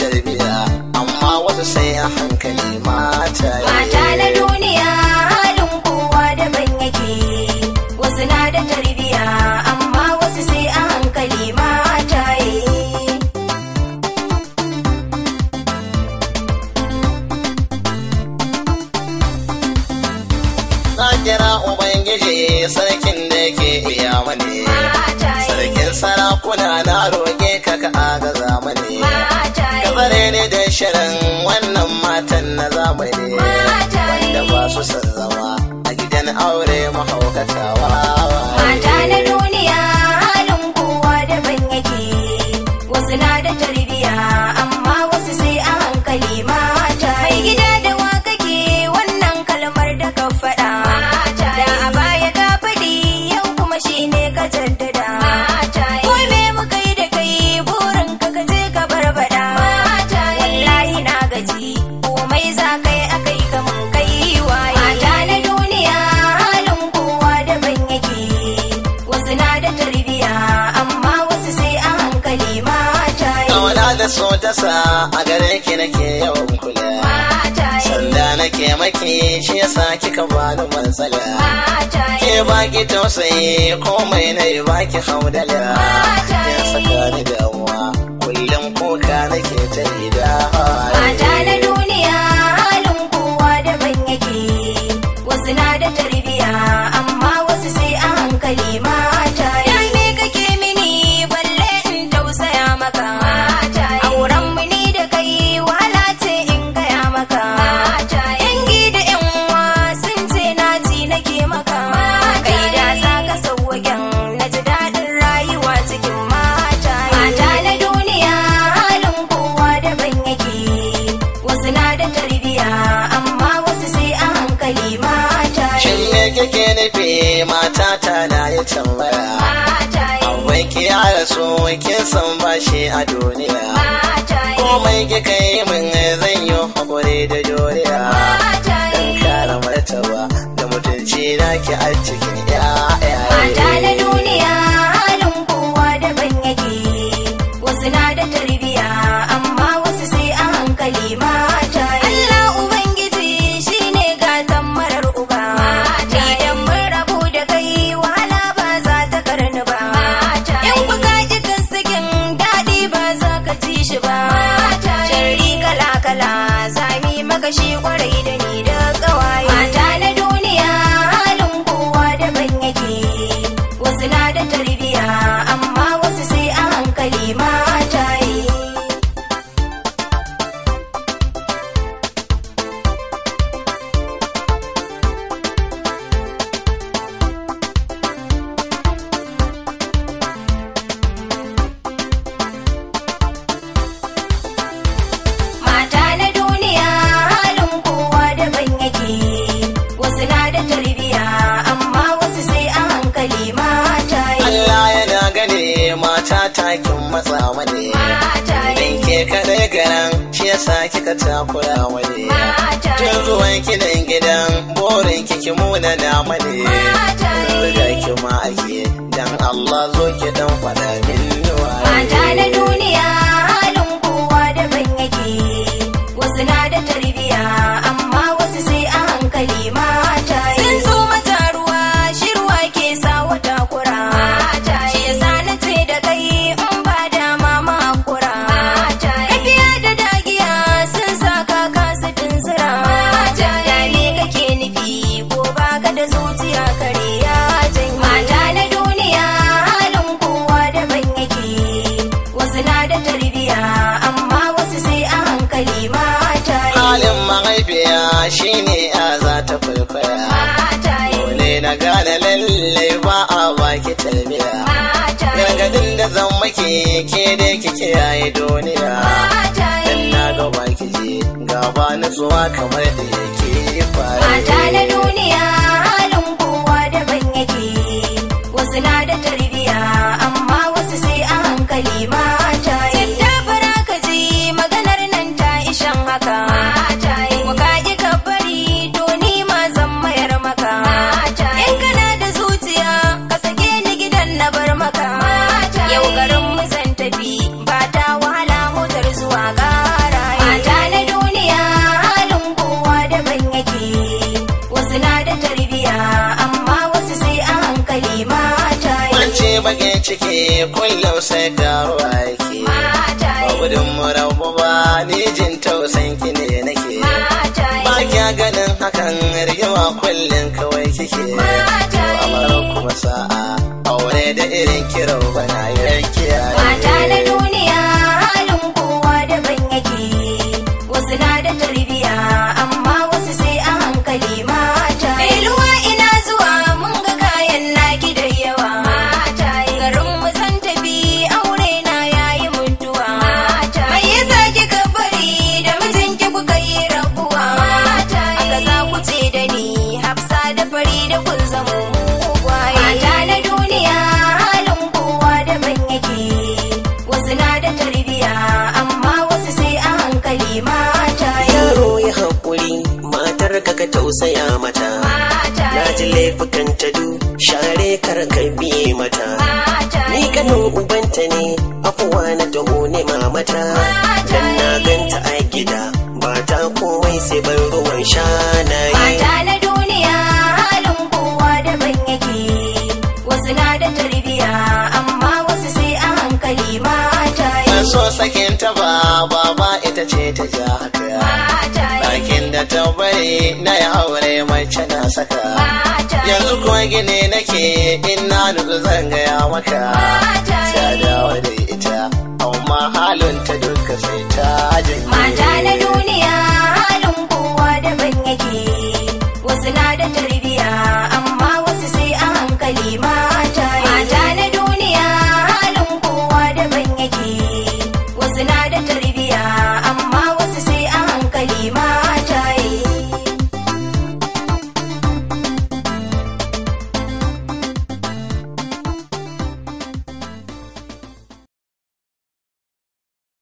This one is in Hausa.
tarbiya amma wasu sai a hankali mata mata na duniya halin kowa daban yake wasu na da tarbiya amma wasu sai a hankali mata Na kira Ubangiji sarkin da ke iya mani, sarkin sarakuna na roƙe ka ka agaza shirin wannan matan na zamani wanda ba su san zama a gidan aure mahaukatawa. yasa a gare ki nake yawan kula sanda nake maki shi yasa kika bani matsala ke baki tausayi komai na yi baki haudala ya saka ni damuwa kullum kuka nake ta yi so ke san bashi a duniya komai ki kai min zan yi hakuri da juriya in kara martaba da mutunci na ki a cikin ya'ya mata da duniya halin kowa daban yake wasu na da tarbiyya kin matsa ne idan ke kaɗai garan shi ya yasa kika takura wani. tun zuwan kidan gidan borin kiki muna na mani riga ki ma ake dan Allah zo ki dan faɗa min Mata na duniya lalle ba a baki tarbiya gargadin da zan maki ke da kike yayi duniya dan na ga baki ji gaba na tsuwa kamar da yake fara duniya da tarbiya amma wasu sai a hankali mata ce bage ciki kullum sai karuwa yake mata yi gudun murabu ba ni jin tausayin ki ne nake mata yi ba kya ganin hakan rigima kullum kawai kike mata yi kuma sa'a aure da irin kirau bana yi rakiya mata tausaya mata na ji laifukan ta share kar ka biye mata ni ganin ubanta ne afuwa na taho ne mamata dan na ganta a gida ba komai sai ban ruwan shanaye mata na duniya halin kowa daban yake wasu na da tarbiyya amma wasu sai a hankali mata so sakin ta ba ita ce ta ja haka mu bari na yi aure mace na saka yanzu kuma gine nake in na nuzu zan gaya maka ta dawo da ita amma halin ta duka sai ta janye